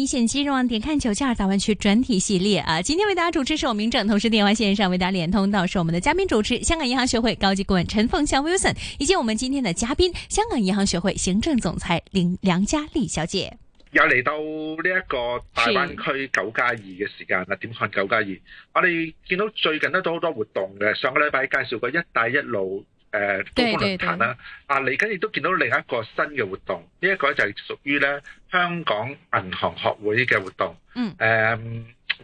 一線金融網，點看九加二大灣區專題系列啊！今天為大家主持是我名正，同時電話線上為大家連通到是我們的嘉賓主持香港銀行學會高級顧問陳鳳翔 Wilson，以及我們今天的嘉賓香港銀行學會行政總裁梁梁嘉麗小姐。又嚟到呢一個大灣區九加二嘅時間啦，點看九加二？我哋見到最近都好多活動嘅，上個禮拜介紹過一帶一路。誒高峯論壇啦，啊，嚟緊亦都見到另一個新嘅活動，呢、這、一個咧就係屬於咧香港銀行學會嘅活動。嗯，誒、呃、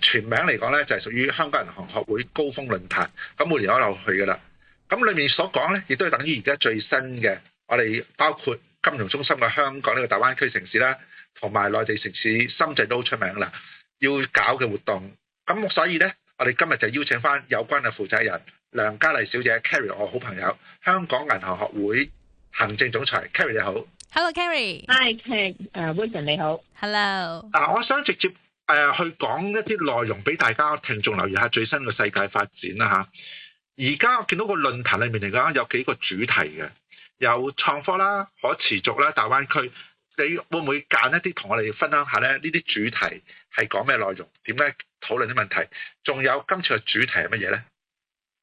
全名嚟講咧就係屬於香港銀行學會高峯論壇，咁每年我都有去㗎啦。咁裡面所講咧，亦都係等於而家最新嘅，我哋包括金融中心嘅香港呢、這個大灣區城市啦，同埋內地城市深圳都好出名啦。要搞嘅活動，咁所以咧，我哋今日就邀請翻有關嘅負責人。梁嘉麗小姐 ，Carrie，我好朋友，香港銀行學會行政總裁，Carrie 你好 Hello，Carrie，Hi，K、uh, e 誒，Wilson 你好，Hello，、呃、我想直接誒、呃、去講一啲內容俾大家聽眾留意一下最新嘅世界發展啦吓，而家我見到個論壇裏面嚟講有幾個主題嘅，有創科啦，可持續啦，大灣區，你會唔會揀一啲同我哋分享一下咧？呢啲主題係講咩內容？點解討論啲問題？仲有今次嘅主題係乜嘢咧？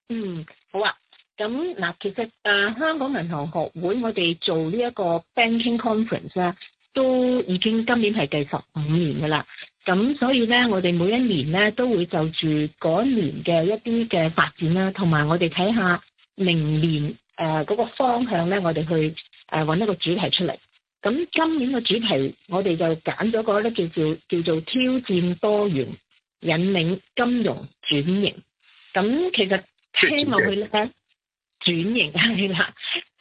嗯，好啊，咁嗱，其實誒、啊，香港銀行學會我哋做呢一個 banking conference 咧，都已經今年係第十五年噶啦，咁所以咧，我哋每一年咧都會就住嗰一年嘅一啲嘅發展啦，同埋我哋睇下明年誒嗰、呃嗰個方向咧，我哋去誒揾、呃、一個主題出嚟。咁今年個主題我哋就揀咗個咧叫做叫做挑戰多元引領金融轉型。咁其實，希望佢咧轉型，係啦，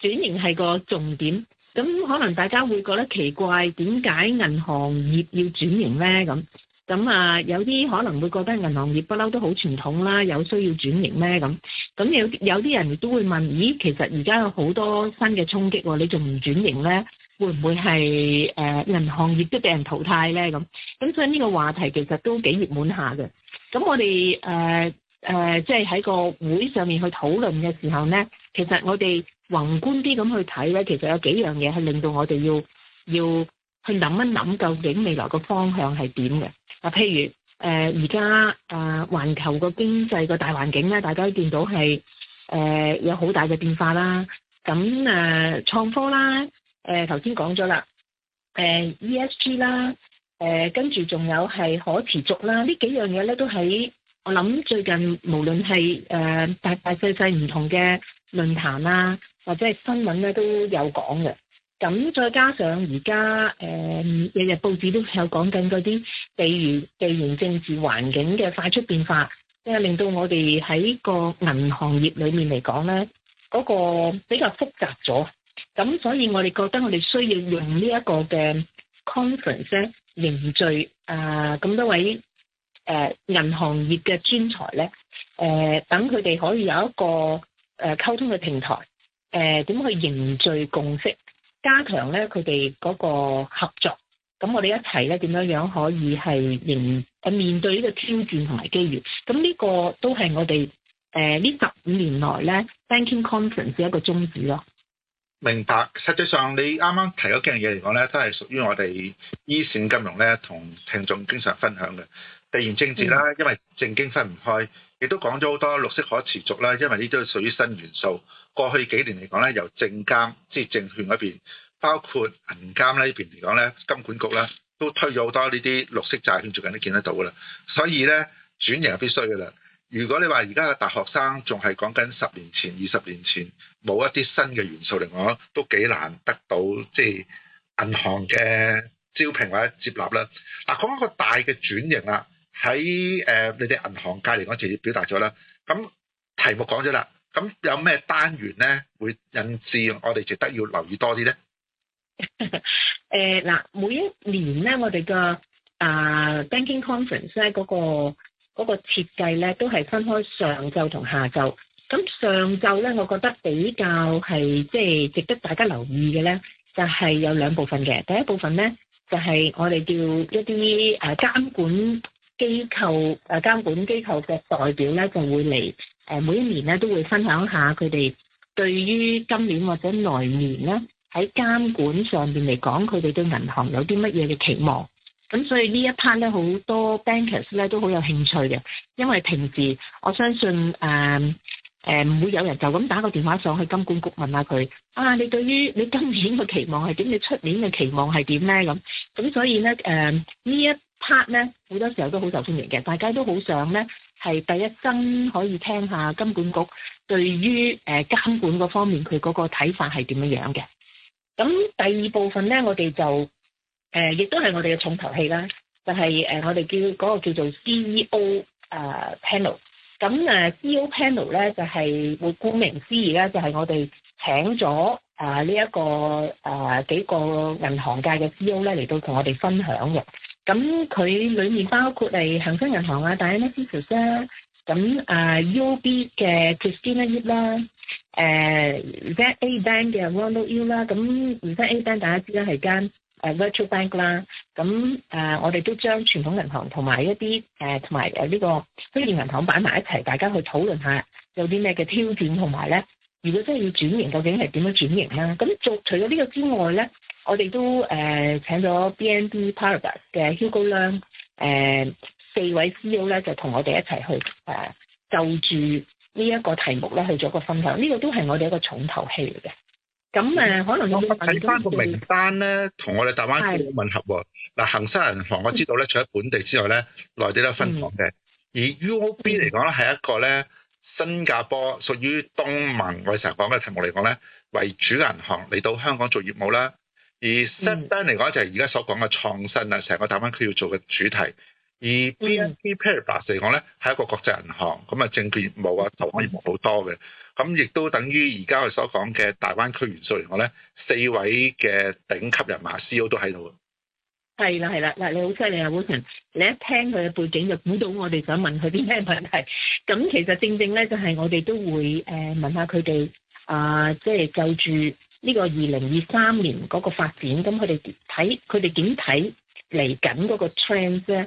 轉型係個重點。咁可能大家會覺得奇怪，點解銀行業要轉型呢？咁咁啊，有啲可能會覺得銀行業不嬲都好傳統啦，有需要轉型呢？咁咁有有啲人亦都會問：「咦，其實而家有好多新嘅衝擊，你仲唔轉型呢？會唔會係誒、呃、銀行業都俾人淘汰呢？」咁咁所以呢個話題其實都幾熱門下嘅。咁我哋誒。呃誒、呃，即係喺個會上面去討論嘅時候呢，其實我哋宏觀啲咁去睇呢，其實有幾樣嘢係令到我哋要要去諗一諗，究竟未來個方向係點嘅。嗱、呃，譬如誒，而家誒，環、呃、球個經濟個大環境呢，大家見到係誒、呃、有好大嘅變化啦。咁誒、呃，創科啦，誒頭先講咗啦，E S G 啦，誒跟住仲有係可持續啦，呢幾樣嘢呢都喺。我諗最近無論係誒、呃、大大細細唔同嘅論壇啊，或者係新聞咧都有講嘅。咁再加上而家誒日日報紙都有講緊嗰啲地緣地緣政治環境嘅快速變化，即係令到我哋喺個銀行業裏面嚟講咧，嗰、嗰個比較複雜咗。咁所以我哋覺得我哋需要用呢一個嘅 conference 呢凝聚啊咁多位。誒、呃、銀行業嘅專才咧，誒等佢哋可以有一個誒、呃、溝通嘅平台，誒、呃、點去凝聚共識，加強咧佢哋嗰個合作，咁我哋一齊咧點樣樣可以係迎、呃、面對呢個挑戰同埋機遇，咁呢個都係我哋誒、呃、呢十五年來咧 Banking Conference 一個宗旨咯。明白，實際上你啱啱提嗰幾樣嘢嚟講咧，都係屬於我哋依綫金融咧，同聽眾經常分享嘅。地緣政治啦，因為政經分唔開，亦都講咗好多綠色可持續啦，因為呢啲都係屬於新元素。過去幾年嚟講咧，由證監即係證券嗰邊，包括銀監呢邊嚟講咧，金管局啦都推咗好多呢啲綠色債券，最近都見得到噶啦。所以咧轉型係必須噶啦。如果你話而家嘅大學生仲係講緊十年前、二十年前冇一啲新嘅元素來我，嚟，外都幾難得到即係銀行嘅招聘或者接納啦。嗱、啊，講一個大嘅轉型啦，喺誒、呃、你哋銀行界嚟講，直接表達咗啦。咁、嗯、題目講咗啦，咁、嗯、有咩單元咧會引致我哋值得要留意多啲咧？誒，嗱，每一年咧，我哋嘅啊 Banking Conference 咧嗰、那個。嗰、那個設計咧，都係分開上晝同下晝。咁上晝咧，我覺得比較係即係值得大家留意嘅咧，就係、是、有兩部分嘅。第一部分咧，就係、是、我哋叫一啲誒監管機構誒監管機構嘅代表咧，就會嚟誒每一年咧都會分享下佢哋對於今年或者來年咧喺監管上面嚟講，佢哋對銀行有啲乜嘢嘅期望。咁所以一呢一 part 咧，好多 bankers 咧都好有興趣嘅，因為平時我相信誒誒唔會有人就咁打個電話上去金管局問下佢啊，你對於你今年嘅期望係點？你出年嘅期望係點咧？咁咁所以咧誒呢、呃、一 part 咧，好多時候都好受歡迎嘅，大家都好想咧係第一聲可以聽下金管局對於誒監管嗰方面佢嗰個睇法係點樣樣嘅。咁第二部分咧，我哋就。誒、呃，亦都係我哋嘅重頭戲啦，就係、是、誒、呃，我哋叫嗰、那個叫做 C.E.O. 誒、呃、panel。咁誒、啊，C.E.O. panel 咧就係會，顧名思義咧，就係、是就是、我哋請咗誒呢一個誒幾個銀行界嘅 C.E.O. 咧嚟到同我哋分享嘅。咁佢裏面包括係恒生銀行啊、Diana Cesar，咁誒 U.B. 嘅 Christina 呢、Yip 啦、啊，誒 ZA Bank 嘅 Ronald U 啦，咁 ZA Bank 大家知啦係間。誒 virtual bank 啦，咁誒我哋都將傳統銀行同埋一啲誒同埋誒呢個虛擬銀行擺埋一齊，大家去討論下有啲咩嘅挑戰同埋咧，如果真係要轉型，究竟係點樣轉型咧？咁除除咗呢個之外咧，我哋都誒、呃、請咗 BNP Paribas 嘅 Hugo Lang、呃、四位 CEO 咧，就同我哋一齊去誒就住呢一個題目咧去做個分享。呢、呢個都係我哋一個重頭戲嚟嘅。咁誒，可能我睇翻個名單咧，同我哋大灣區好吻合喎、啊。嗱，恒生銀行我知道咧，除咗本地之外咧，內、嗯、地都有分行嘅。而 UOB 嚟講咧，係一個咧，新加坡屬於、嗯、東盟我哋成日講嘅題目嚟講咧，為主銀行嚟到香港做業務啦。而 Set Bank 嚟講就係而家所講嘅創新啊，成個大灣區要做嘅主題。而 BNP Paribas 嚟講咧，係一個國際銀行，咁啊證券業務啊，投行業務好多嘅。咁亦都等於而家我所講嘅大灣區元素嚟講咧，四位嘅頂級人馬 C.O. 都喺度。係啦，係啦，嗱，你好犀利啊 w i l s o n 你一聽佢嘅背景就估到我哋想問佢啲咩問題。咁其實正正咧、呃，就係我哋都會誒問下佢哋啊，即係就住呢個二零二三年嗰個發展，咁佢哋睇佢哋點睇嚟緊嗰個 trend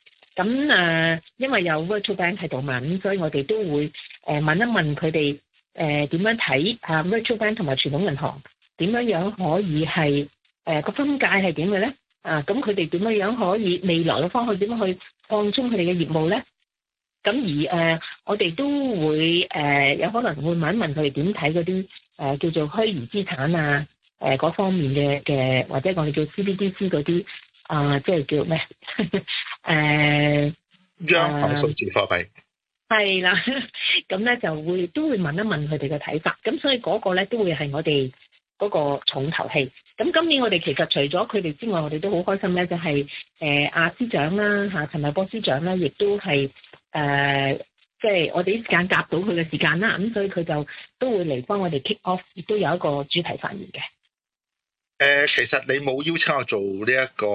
咁啊，因為有 virtual bank 喺度嘛，咁所以我哋都會誒問一問佢哋誒點樣睇啊，virtual bank 同埋傳統銀行點樣樣可以係誒個分界係點嘅咧？啊，咁佢哋點樣樣可以未來嘅方向點樣去擴充佢哋嘅業務咧？咁而誒、呃，我哋都會誒、呃、有可能會問一問佢哋點睇嗰啲誒叫做虛擬資產啊，誒、呃、嗰方面嘅嘅，或者我哋叫 CBDC 嗰啲。啊，即係叫咩？誒央行數字貨幣係啦，咁、啊、咧就會都會問一問佢哋嘅睇法，咁所以嗰個咧都會係我哋嗰個重頭戲。咁今年我哋其實除咗佢哋之外，我哋都好開心咧，就係誒阿司長啦嚇，陳茂波司長咧，亦都係誒即係我哋啲時間夾到佢嘅時間啦。咁所以佢就都會嚟幫我哋 kick off，亦都有一個主題發言嘅。誒，其實你冇邀請我做呢一個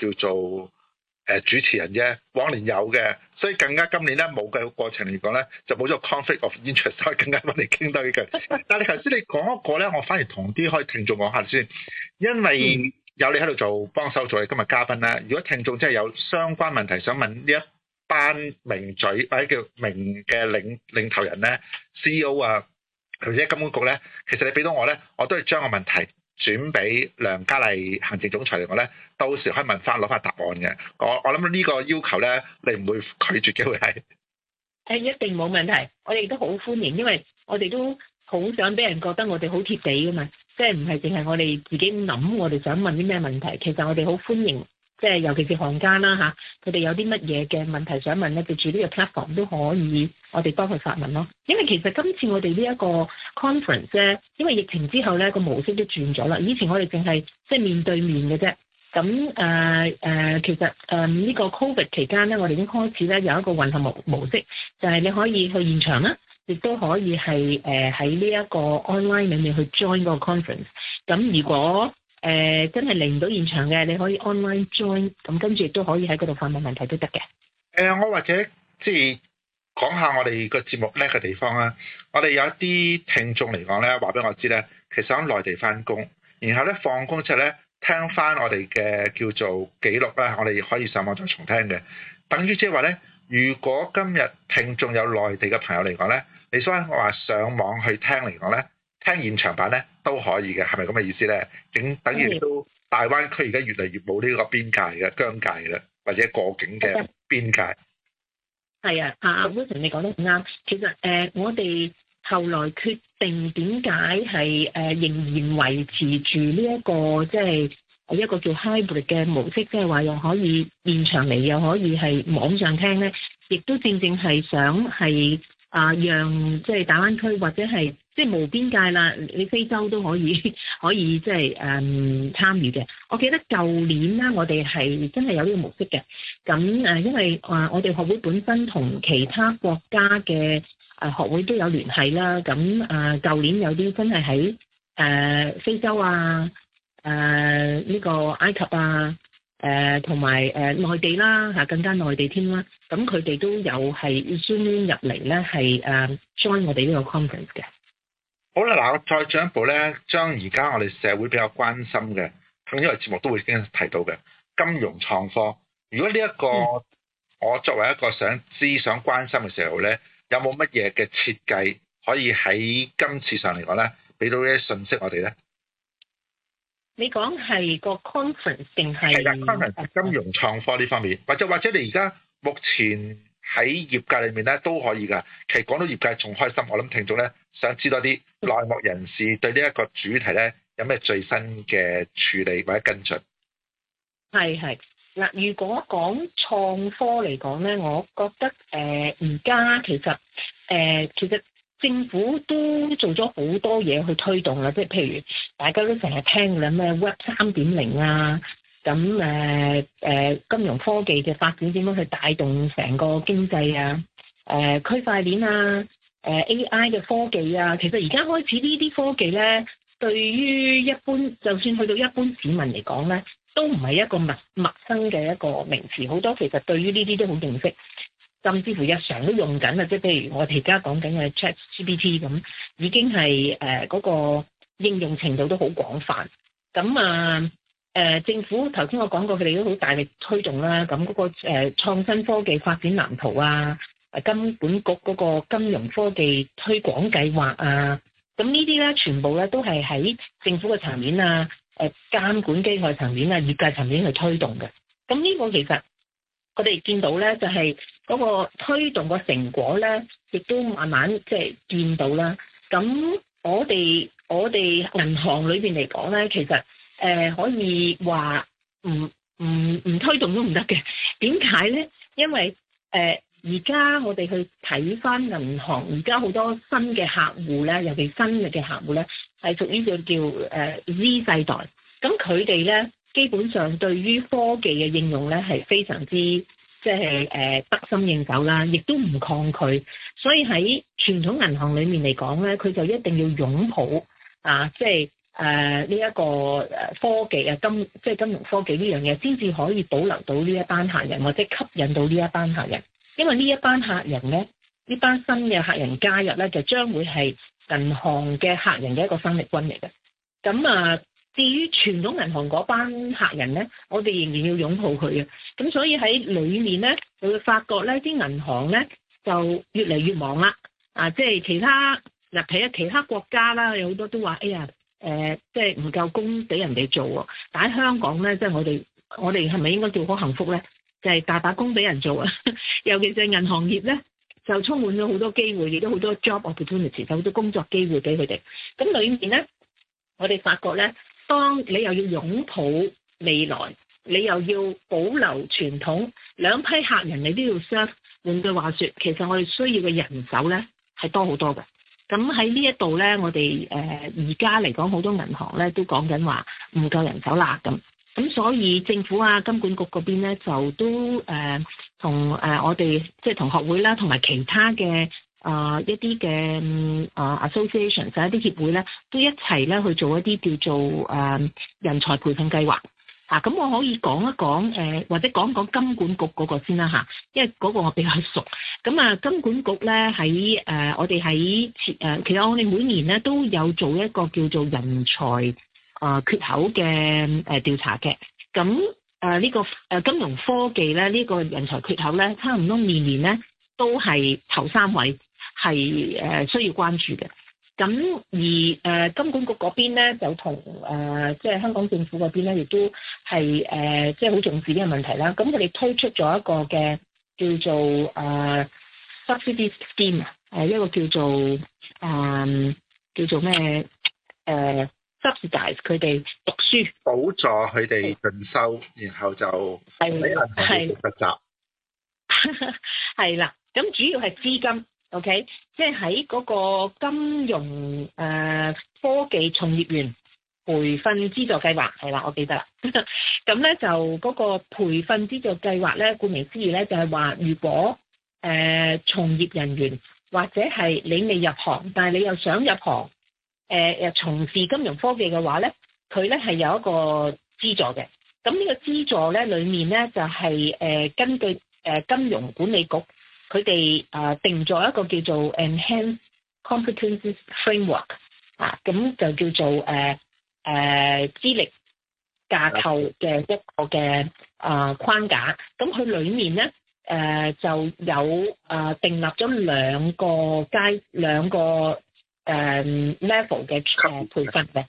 叫做誒主持人啫。往年有嘅，所以更加今年咧冇嘅過程嚟講咧，就冇咗 conflict of interest，所以更加幫你傾到呢句。 但你頭先你講一個咧，我反而同啲可以聽眾講下先，因為有你喺度做幫手做嘅今日嘉賓啦。如果聽眾真係有相關問題想問呢一班名嘴或者叫名嘅領領頭人咧，CEO 啊，或者金管局咧，其實你俾到我咧，我都係將個問題。轉俾梁嘉麗行政總裁嚟講咧，到時可以問翻攞翻答案嘅。我我諗呢個要求咧，你唔會拒絕嘅，會係誒，一定冇問題。我哋都好歡迎，因為我哋都好想俾人覺得我哋好貼地噶嘛，即係唔係淨係我哋自己諗，我哋想問啲咩問題。其實我哋好歡迎。即係尤其是行家啦嚇，佢哋有啲乜嘢嘅問題想問咧，就住呢個 platform 都可以，我哋幫佢發問咯。因為其實今次我哋呢一個 conference 咧，因為疫情之後咧，個模式都轉咗啦。以前我哋淨係即係面對面嘅啫。咁、呃呃、其實誒呢、呃個 covid 期間咧，我哋已經開始咧有一個混合模模式，就係、係、你可以去現場啦，亦都可以係誒喺呢一個 online 裏面去 join 嗰個 conference。咁如果誒、呃，真係嚟唔到現場嘅，你可以 online join，咁跟住都可以喺嗰度發問問題都得嘅。誒、呃，我或者即係、就是、講下我哋個節目叻嘅地方啦，啊。我哋有一啲聽眾嚟講咧，話俾我知咧，其實喺內地翻工，然後咧放工之後咧，聽翻我哋嘅叫做記錄咧，我哋可以上網再重聽嘅。等於即係話咧，如果今日聽眾有內地嘅朋友嚟講咧，你所以我話上網去聽嚟講咧。聽現場版咧都可以嘅，係咪咁嘅意思咧？整等於到大灣區而家越嚟越冇呢個邊界嘅疆界嘅，或者過境嘅邊界。係、嗯、啊，阿 Wilson 你講得啱。其實誒、呃，我哋後來決定點解係誒仍然維持住呢一個即係、就是、一個叫 hybrid 嘅模式，即係話又可以現場嚟，又可以係網上聽咧，亦都正正係想係啊，讓即係大灣區或者係。即係無邊界啦！你非洲都可以可以即係誒參與嘅。我記得舊年啦，我哋係真係有呢個模式嘅。咁誒，因為我哋學會本身同其他國家嘅誒學會都有聯繫啦。咁誒，舊年有啲真係喺誒非洲啊、誒、呃、呢個埃及啊、誒同埋誒內地啦，嚇更加內地添啦。咁佢哋都有係 join 入嚟咧，係誒 join 我哋呢個 conference 嘅。好啦，嗱，我再進一步咧，將而家我哋社會比較關心嘅，咁因為節目都會經常提到嘅金融創科。如果呢、這、一個、嗯、我作為一個想知、想關心嘅時候咧，有冇乜嘢嘅設計可以喺今次上嚟講咧，俾到啲信息我哋咧？你講係個 content 定係？係啦，content 金融創科呢方面，或者或者你而家目前。喺業界裏面咧都可以㗎，其實講到業界仲開心。我諗聽眾咧想知多啲內幕人士對呢一個主題咧有咩最新嘅處理或者跟進。係係嗱，如果講創科嚟講咧，我覺得誒而家其實誒、呃、其實政府都做咗好多嘢去推動啦，即係譬如大家都成日聽嘅咩 Web 三點零啊。咁誒、呃、金融科技嘅發展點樣去帶動成個經濟啊？誒、呃、區塊鏈啊，誒、呃、AI 嘅科技啊，其實而家開始呢啲科技咧，對於一般就算去到一般市民嚟講咧，都唔係一個陌陌生嘅一個名詞，好多其實對於呢啲都好認識，甚至乎日常都用緊啊！即係譬如我哋而家講緊嘅 Chat GPT 咁，Chat GPT，已經係誒嗰個應用程度都好廣泛。咁啊～、呃誒、呃，政府頭先我講過，佢哋都好大力推動啦。咁嗰、那個誒創、呃、新科技發展藍圖啊，誒金管局嗰個金融科技推廣計劃啊，咁呢啲咧，全部咧都係喺政府嘅層面啊，誒、呃、監管機構層面啊，業界層面去推動嘅。咁呢個其實我哋見到咧，就係、是、嗰個推動個成果咧，亦都慢慢即係見到啦。咁我哋我哋銀行裏邊嚟講咧，其實。誒、呃、可以話唔唔唔推動都唔得嘅，點解咧？因為誒而家我哋去睇返銀行，而家好多新嘅客戶咧，尤其是新嘅嘅客戶咧，係屬於叫叫誒、呃、Z 世代。咁佢哋咧基本上對於科技嘅應用咧係非常之即係誒得心應手啦，亦都唔抗拒。所以喺傳統銀行裏面嚟講咧，佢就一定要擁抱啊！即係。誒，呢一個誒科技啊，金，即係金融科技呢樣嘢，先至可以保留到呢一班客人，或者吸引到呢一班客人。因為呢一班客人咧，呢班新嘅客人加入咧，就將會係銀行嘅客人嘅一個生力軍嚟嘅。咁啊，至於傳統銀行嗰班客人咧，我哋仍然要擁抱佢嘅。咁所以喺裏面咧，就會發覺咧，啲銀行咧就越嚟越忙啦。啊，即係其他嗱，睇下其他國家啦，有好多都話，哎呀～誒、呃，即係唔夠工俾人哋做喎。但喺香港咧，即係我哋，我哋係咪應該叫好幸福咧？就係大把工俾人做啊！尤其是銀行業咧，就充滿咗好多機會，亦都好多 job opportunity，就好多工作機會俾佢哋。咁裏面咧，我哋發覺咧，當你又要擁抱未來，你又要保留傳統，兩批客人你都要 serve。換句話說，其實我哋需要嘅人手咧，係多好多嘅。咁喺呢一度呢，我哋誒而家嚟講，好多銀行呢都講緊話唔夠人手啦咁。咁所以政府啊、金管局嗰邊呢，就都誒同誒我哋即係同學會啦，同埋其他嘅啊、呃、一啲嘅啊 Association 就一啲協會呢，都一齊呢去做一啲叫做誒、呃、人才培訓計劃。嗱、啊，咁我可以講一講，誒、呃、或者講講金管局嗰個先啦吓，因為嗰個我比較熟。咁啊，金管局咧喺誒，我哋喺誒其實我哋每年咧都有做一個叫做人才啊、呃、缺口嘅誒、呃、調查嘅。咁誒呢個金融科技咧呢、呢個人才缺口咧，差唔多年年咧都係頭三位係、呃、需要關注嘅。咁而誒、呃、金管局嗰邊咧，就同誒、呃、即係香港政府嗰邊咧，亦都係誒、呃、即係好重視呢個問題啦。咁佢哋推出咗一個嘅叫做誒、呃、subsidy scheme，誒一個叫做誒、呃、叫做咩誒、呃、subsidize 佢哋讀書，補助佢哋進修，然後就係，係，佢哋去實習，係啦，咁 主要係資金。O.K.，即係喺嗰個金融誒、呃、科技從業員培訓資助計劃係啦，我記得啦。咁 咧就嗰個培訓資助計劃咧，顧名思義咧就係話，如果誒、呃、從業人員或者係你未入行，但係你又想入行，誒、呃、誒從事金融科技嘅話咧，佢咧係有一個資助嘅。咁呢個資助咧，裡面咧就係、是、誒、呃、根據誒、呃、金融管理局。佢哋啊定咗一個叫做 Enhance Competencies Framework 啊，咁就叫做誒誒資歷架構嘅一個嘅啊框架。咁佢裡面咧，誒就有啊訂立咗兩個階兩個誒 level 嘅誒培訓嘅。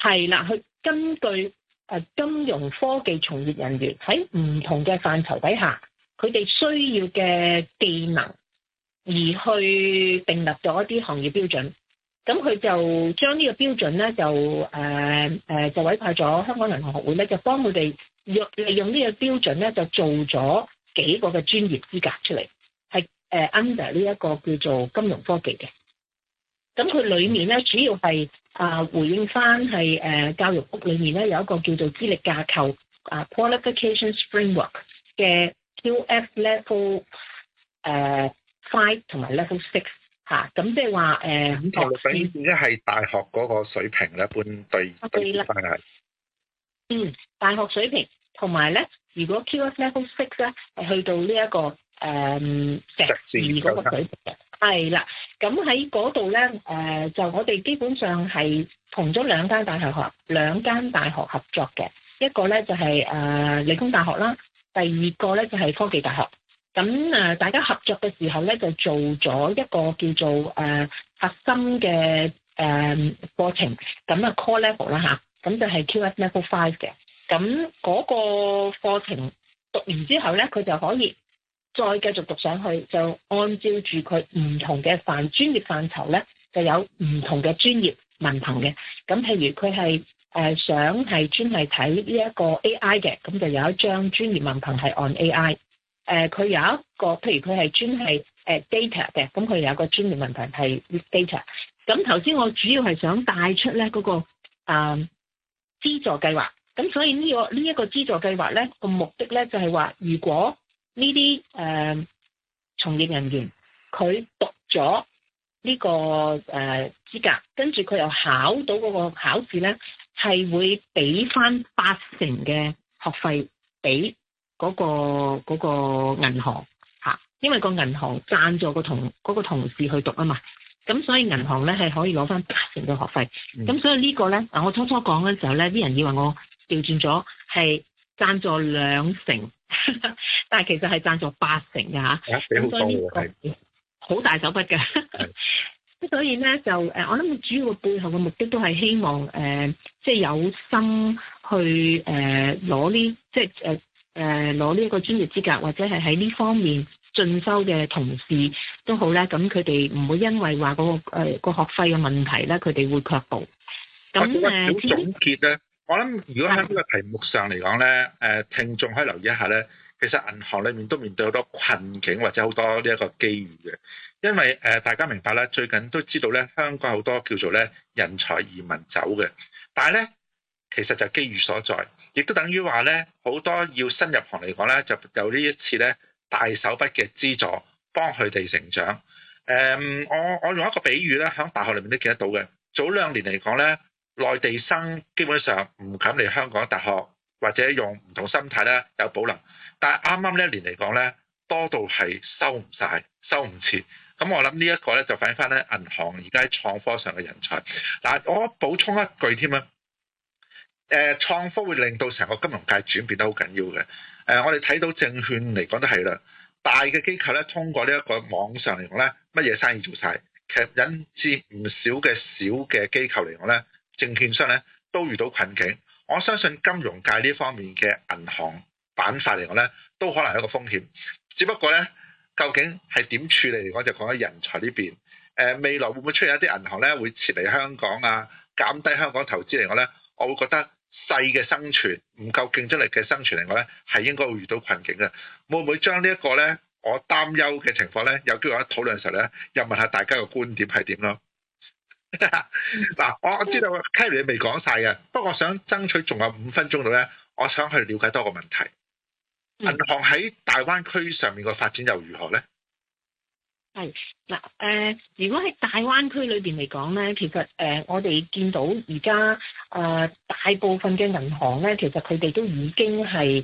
係啦，佢根據誒金融科技從業人員喺唔同嘅範疇底下，佢哋需要嘅技能，而去訂立咗一啲行業標準，咁佢就將呢個標準咧，就誒誒、呃、就委派咗香港銀行學會咧，就幫佢哋用利用呢個標準咧，就做咗幾個嘅專業資格出嚟，係誒 under 呢一個叫做金融科技嘅。咁佢裏面咧，主要係啊回應翻係誒教育屋裏面咧有一個叫做資歷架構啊 qualification framework 嘅。QF level 誒 five 同埋 level six 嚇、啊，咁即係話誒五個點？係、呃嗯、大學嗰個水平一般對啦。關、okay、係。嗯，大學水平同埋咧，如果 QF level six 咧係去到呢、這、一個誒碩士嗰個水平。嘅、嗯，係啦，咁喺嗰度咧，誒、呃、就我哋基本上係同咗兩間大學合兩間大學合作嘅，一個咧就係、是、誒、呃、理工大學啦。第二個咧就係科技大學，咁誒大家合作嘅時候咧就做咗一個叫做誒、呃、核心嘅誒課程，咁啊 core level 啦吓，咁就係 QF level five 嘅，咁嗰個課程讀完之後咧，佢就可以再繼續讀上去，就按照住佢唔同嘅泛專業範疇咧，就有唔同嘅專業文憑嘅，咁譬如佢係。誒、呃、想係專係睇呢一個 A.I. 嘅，咁就有一張專業文憑係 on A.I. 誒，佢、呃、有一個，譬如佢係專係 data 嘅，咁佢有一個專業文憑係 data。咁頭先我主要係想帶出咧、那、嗰個誒、嗯、資助計劃，咁所以呢、這個呢一、這個資助計劃咧個目的咧就係話，如果呢啲誒從業人員佢讀咗。呢、這個誒資格，跟住佢又考到嗰個考試呢，係會俾翻八成嘅學費俾嗰、那個嗰、那個銀行吓、啊，因為個銀行贊助個同嗰、那個同事去讀啊嘛，咁所以銀行呢，係可以攞翻八成嘅學費，咁、嗯、所以呢個呢，嗱我初初講嘅時候呢，啲人以為我調轉咗係贊助兩成， 但係其實係贊助八成嘅吓，咁所以呢、這個好大手筆嘅， 所以呢，就誒，我諗主要背後嘅目的都係希望誒，即、呃、係、即係、有心去誒攞呢，即係誒誒攞呢一個專業資格或者係喺呢方面進修嘅同事都好呢。咁佢哋唔會因為話嗰、嗰個誒個、呃、學費嘅問題呢，佢哋會卻步。咁誒總總結咧、呃，我諗如果喺呢個題目上嚟講呢，誒聽眾可以留意一下呢。其實銀行裏面都面對好多困境或者好多呢一個機遇嘅，因為大家明白啦，最近都知道咧香港好多叫做咧人才移民走嘅，但係咧其實就機遇所在，亦都等於話咧好多要新入行嚟講咧，就有呢一次咧大手筆嘅資助幫佢哋成長。誒，我我用一個比喻咧，喺大學裏面都見得到嘅，早兩年嚟講咧，內地生基本上唔敢嚟香港大學。或者用唔同心態咧有保留。但係啱啱呢一年嚟講咧，多到係收唔晒、收唔切。咁我諗呢一個咧就反映翻咧銀行而家喺創科上嘅人才。嗱，我補充一句添啊，誒、呃、創科會令到成個金融界轉變得好緊要嘅。誒、呃，我哋睇到證券嚟講都係啦，大嘅機構咧通過呢一個網上嚟講咧，乜嘢生意做晒，其實引致唔少嘅小嘅機構嚟講咧，證券商咧都遇到困境。我相信金融界呢方面嘅銀行板塊嚟講咧，都可能有一個風險。只不過咧，究竟係點處理嚟講，就講喺人才呢邊誒、呃、未來會唔會出現一啲銀行咧，會撤離香港啊，減低香港投資嚟講咧，我會覺得細嘅生存唔夠競爭力嘅生存嚟講咧，係應該會遇到困境嘅。會唔會將這呢一個咧，我擔憂嘅情況咧，有機會喺討論嘅時候咧，又問下大家嘅觀點係點咯？嗱，我我知道 Carrie 你未講晒嘅，不過我想爭取仲有五分鐘度咧，我想去了解多個問題。銀行喺大灣區上面個發展又如何咧？係嗱，誒、呃，如果喺大灣區裏邊嚟講咧，其實誒、呃，我哋見到而家誒大部分嘅銀行咧，其實佢哋都已經係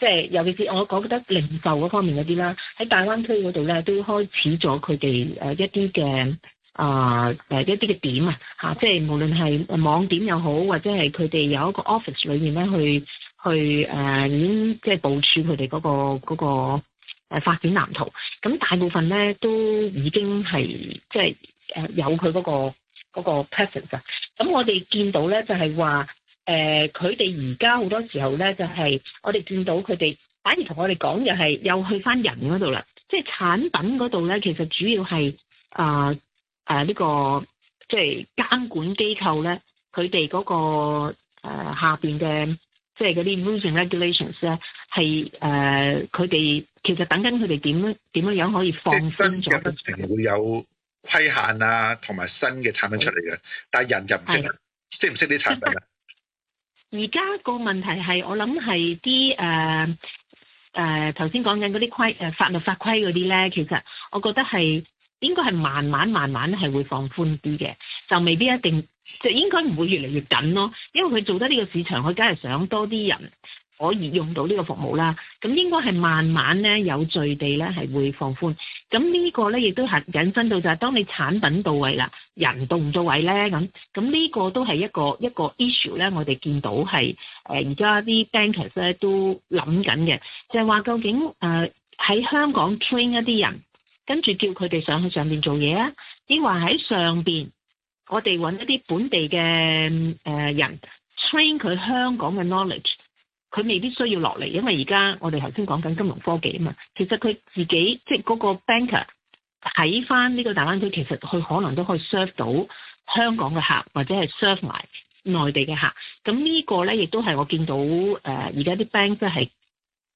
即係，尤其是我覺得零售嗰方面嗰啲啦，喺大灣區嗰度咧，都開始咗佢哋誒一啲嘅。啊、uh, 一啲嘅點啊嚇，即係無論係網點又好，或者係佢哋有一個 office 裏面咧，去去誒已經即係部署佢哋嗰個嗰、嗰個發展藍圖。咁大部分咧都已經係即係有佢嗰、嗰個嗰 presence 啊。咁、那個、我哋見到咧就係話誒，佢哋而家好多時候咧就係、是、我哋見到佢哋，反而同我哋講又係又去返人嗰度啦。即、就、係、是、產品嗰度咧，其實主要係啊～、uh, 誒、啊、呢、這個即係、就是、監管機構咧，佢哋嗰個、呃、下面嘅即係嗰啲 moving regulations 咧，係誒佢哋其實等緊佢哋點點樣樣可以放鬆咗。即係不停會有規限啊，同埋新嘅產品出嚟嘅，但係人就唔識啦，識唔識啲產品咧、啊？而家個問題係，我諗係啲誒誒頭先講緊嗰啲規誒法律法規嗰啲咧，其實我覺得係。應該係慢慢慢慢係會放寬啲嘅，就未必一定就應該唔會越嚟越緊咯。因為佢做得呢個市場，佢梗係想多啲人可以用到呢個服務啦。咁應該係慢慢咧有序地咧係會放寬。咁呢個咧亦都係引申到就係當你產品到位啦，人到唔到位咧咁，咁呢個都係一個一個 issue 咧。我哋見到係誒而家啲 bankers 咧都諗緊嘅，就係、是、話究竟誒喺、呃、香港 train 一啲人。跟住叫佢哋上去上面做嘢啊！抑或喺上邊，我哋揾一啲本地嘅誒人 train 佢香港嘅 knowledge。佢未必需要落嚟，因為而家我哋頭先講緊金融科技啊嘛。其實佢自己即係嗰個 banker 喺翻呢個大灣區，其實佢可能都可以 serve 到香港嘅客，或者係 serve 埋內地嘅客。咁呢個咧，亦都係我見到誒而家啲 banker 係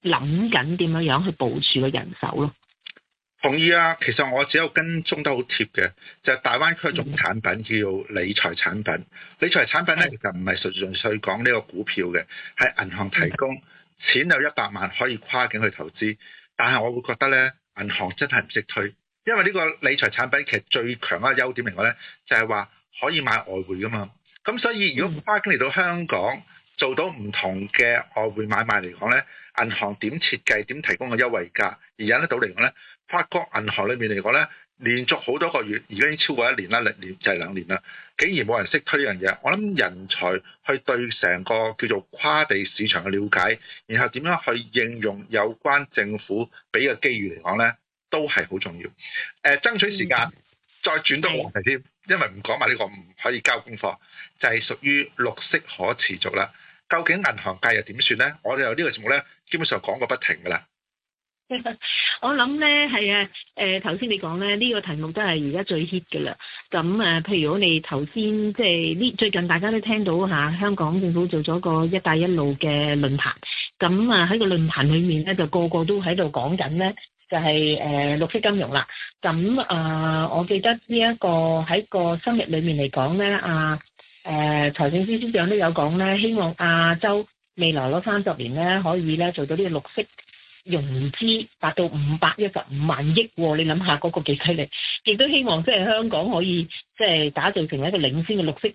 諗緊點樣樣去部署嘅人手咯。同意啊，其實我只有跟蹤得好貼嘅，就係、是、大灣區一種產品、嗯、叫做理財產品。理財產品咧，其實唔係純粹講呢個股票嘅，係銀行提供錢有一百萬可以跨境去投資。但係我會覺得咧，銀行真係唔識推，因為呢個理財產品其實最強一個優點嚟講咧，就係話可以買外匯㗎嘛。咁所以如果跨境嚟到香港做到唔同嘅外匯買賣嚟講咧，銀行點設計點提供個優惠價而引得到嚟講咧？法國銀行裏面嚟講咧，連續好多個月，而家已經超過一年啦，歷、就是、年就係兩年啦，竟然冇人識推呢樣嘢。我諗人才去對成個叫做跨地市場嘅了解，然後點樣去應用有關政府俾嘅機遇嚟講咧，都係好重要。誒、呃，爭取時間再轉多個話題添，因為唔講埋呢個唔可以交功課，就係屬於綠色可持續啦。究竟銀行界又點算咧？我哋由呢個節目咧，基本上講個不停噶啦。 我諗呢係啊，誒，頭先你講呢呢個題目都係而家最 hit 嘅啦。咁啊，譬如我哋頭先即係呢最近大家都聽到吓、啊，香港政府做咗個一帶一路嘅論壇。咁啊喺個論壇裏面呢，就個個都喺度講緊呢就係、是、誒、呃、綠色金融啦。咁啊、呃，我記得呢、這、一個喺個生日裏面嚟講呢，啊，誒、啊、財政司司長都有講呢，希望亞洲未來嗰三十年呢，可以呢做到呢個綠色。融資達到五百一十五萬億，你諗下嗰個幾犀利？亦都希望即係香港可以即係打造成一個領先嘅綠色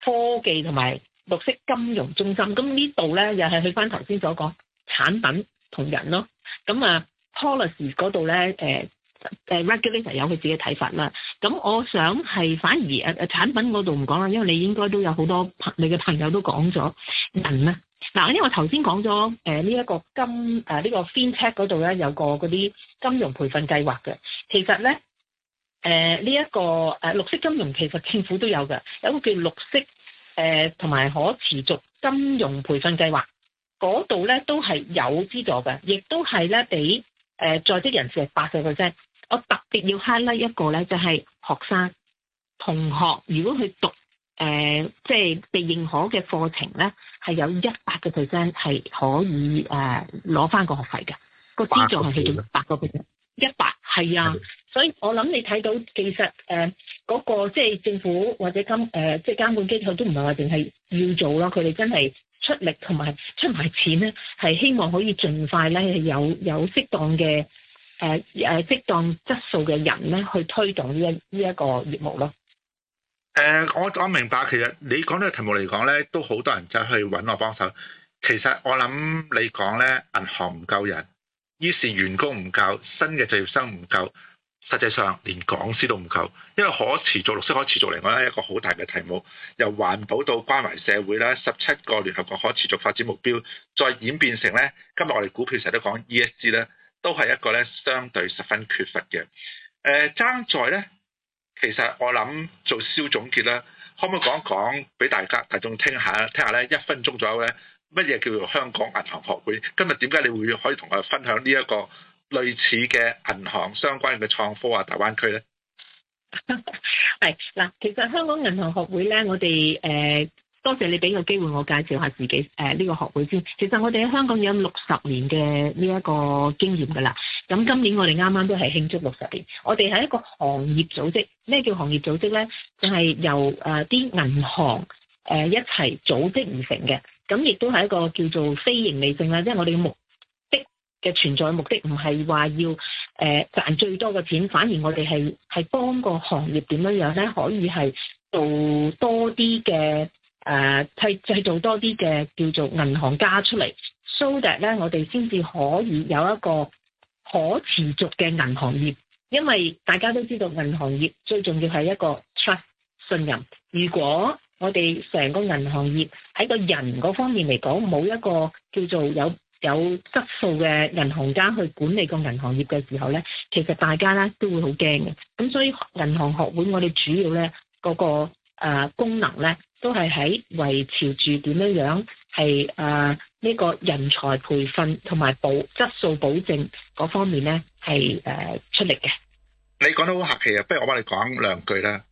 科技同埋綠色金融中心。咁呢度咧又係去翻頭先所講產品同人咯。咁啊，policy 嗰度咧，誒誒 regulator 有佢自己嘅睇法啦。咁我想係反而誒誒，產品嗰度唔講啦，因為你應該都有好多朋，你嘅朋友都講咗人啦。嗱，因為我頭先講咗，誒呢一個金誒呢、呃這個 FinTech 嗰度咧有個嗰啲金融培訓計劃嘅，其實咧，誒呢一個誒、呃、綠色金融其實政府都有嘅，有個叫綠色誒同埋可持續金融培訓計劃，嗰度咧都係有資助嘅，亦都係咧俾誒在職人士八成嘅啫。我特別要 highlight 呢一個咧就係學生同學如果去讀。誒、呃，即係被認可嘅課程咧，係有一百個 percent 係可以誒攞翻個學費嘅，個資助係百個 percent，一百係啊，所以我諗你睇到其實誒嗰、呃那個即係政府或者監誒、呃、即係監管機構都唔係話淨係要做咯，佢哋真係出力同埋出埋錢咧，係希望可以儘快咧係有有適當嘅誒誒適當質素嘅人咧去推動呢一呢一個業務咯。誒、呃，我我明白，其實你講呢個題目嚟講咧，都好多人就去揾我幫手。其實我諗你講咧，銀行唔夠人，於是員工唔夠，新嘅畢業生唔夠，實際上連講師都唔夠。因為可持續綠色可持續嚟講咧，一個好大嘅題目，由環保到關懷社會啦，十七個聯合國可持續發展目標，再演變成咧，今日我哋股票成日都講 E S G 啦，ESG，都係一個咧相對十分缺乏嘅。誒、呃，爭在咧。其實我諗做稍總結啦，可唔可以講一講俾大家大眾聽下咧？聽下咧，一分鐘左右咧，乜嘢叫做香港銀行學會？今日點解你會可以同我分享呢一個類似嘅銀行相關嘅創科啊？大灣區咧？係 嗱，其實香港銀行學會咧，我哋誒。呃多謝你俾個機會我介紹下自己誒呢個學會先。其實我哋喺香港有六十年嘅呢一個經驗㗎啦。咁今年我哋啱啱都係慶祝六十年。我哋係一個行業組織，咩叫行業組織呢？就係由誒啲銀行誒一齊組織而成嘅。咁亦都係一個叫做非營利性啦，即係我哋嘅目的嘅存在目的唔係話要誒賺最多嘅錢，反而我哋係係幫個行業點樣樣呢？可以係做多啲嘅。誒、呃，去製造多啲嘅叫做銀行家出嚟，so that 咧，我哋先至可以有一個可持續嘅銀行業。因為大家都知道，銀行業最重要係一個 trust 信任。如果我哋成個銀行業喺個人嗰方面嚟講，冇一個叫做有有質素嘅銀行家去管理個銀行業嘅時候咧，其實大家咧都會好驚嘅。咁所以銀行學會我哋主要咧嗰、那個誒、呃、功能咧。都係喺維持住點樣樣，係誒呢個人才培訓同埋保質素保證嗰方面咧，係誒出力嘅。你講得好客氣啊，不如我幫你講兩句啦。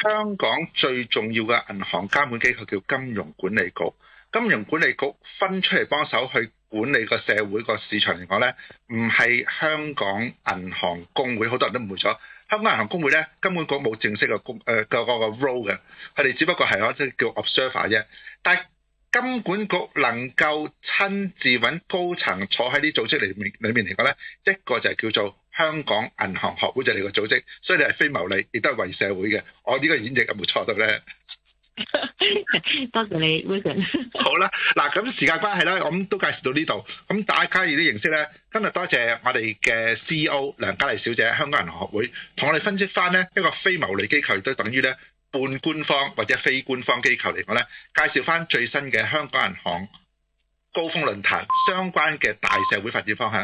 香港最重要嘅銀行監管機構叫金融管理局，金融管理局分出嚟幫手去管理個社會個市場嚟講咧，唔係香港銀行公會，好多人都誤會咗。香港銀行公會咧，金管局冇正式嘅公誒個個個 role 嘅，佢哋只不過係嗰啲叫 observer 啫。但係金管局能夠親自揾高層坐喺啲組織裏面，裏面嚟講咧，一個就係叫做香港銀行學會就係個組織，所以你係非牟利，亦都係為社會嘅。我呢個演繹噉冇錯得咧。 多謝你 好啦，嗱，咁時間關係咧，我都介紹到呢度。咁大家亦都認識呢，今日多謝我哋嘅 CEO 梁嘉麗小姐，香港銀行學會同我哋分析翻呢一個非牟利機構，亦都等於咧半官方或者非官方機構嚟講咧，介紹翻最新嘅香港銀行高峰論壇相關嘅大社會發展方向。